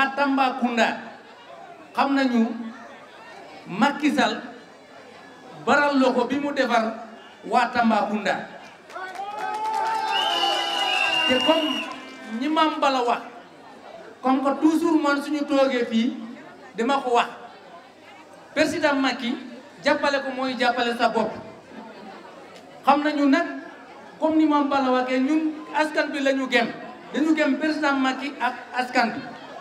Watamba kunda, xamna ñu makissal baral loxo bi mu defar tamba kunda té kom ñi mam bala wax kom ko toujours man suñu togué fi dima ko wax président Macky jappalé ko moy jappalé sa bop xamna ñu nak kom ni mam bala waxee ñun askan bi lañu gem dañu gem président ak askan bi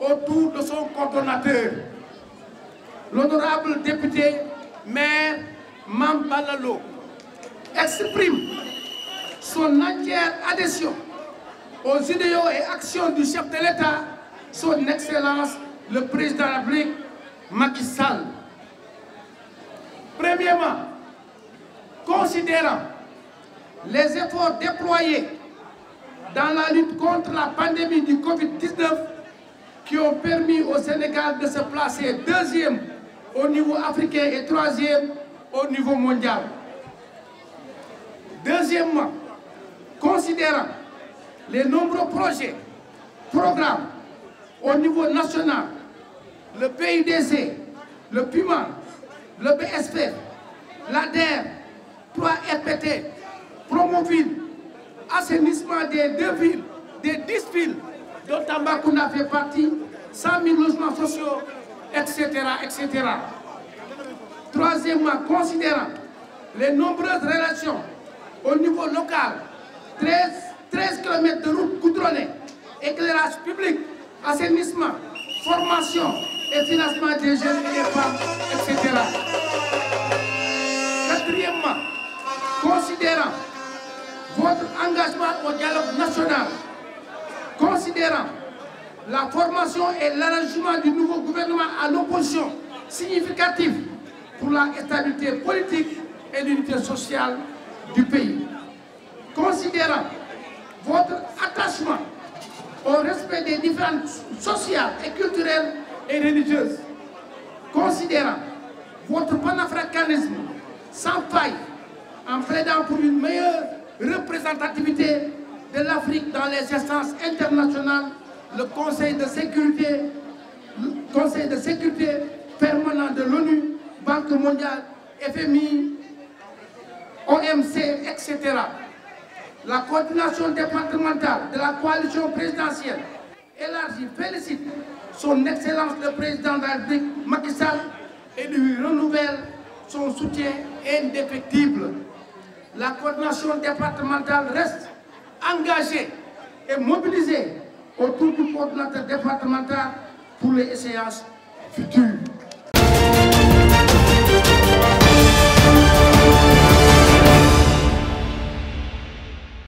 autour de son coordonnateur, l'honorable député maire Mambalalo, exprime son entière adhésion aux idéaux et actions du chef de l'État, son Excellence le Président de la République, Macky Sall. Premièrement, considérant les efforts déployés dans la lutte contre la pandémie du Covid-19, qui ont permis au Sénégal de se placer deuxième au niveau africain et troisième au niveau mondial. Deuxièmement, considérant les nombreux projets, programmes au niveau national, le PIDC, le PIMAN, le BSP, l'ADER, 3 RPT, Promoville, assainissement des deux villes, des dix villes dont a fait partie, 100 000 logements sociaux, etc. Troisièmement, considérant les nombreuses relations au niveau local, 13, 13 km de routes goudronnées, éclairage public, assainissement, formation et financement des jeunes et des femmes, etc. Quatrièmement, considérant votre engagement au dialogue national considérant la formation et l'arrangement du nouveau gouvernement à l'opposition significative pour la stabilité politique et l'unité sociale du pays. Considérant votre attachement au respect des différences sociales et culturelles et religieuses, considérant votre panafricanisme sans faille en plaidant pour une meilleure représentativité de l'Afrique dans les instances internationales, le Conseil de sécurité, Conseil de sécurité permanent de l'ONU, Banque mondiale, FMI, OMC, etc. La coordination départementale de la coalition présidentielle élargie félicite son Excellence le Président de la République, Macky et lui renouvelle son soutien indéfectible. La coordination départementale reste engagés et mobilisés autour du coordinateur départemental pour les séances futures.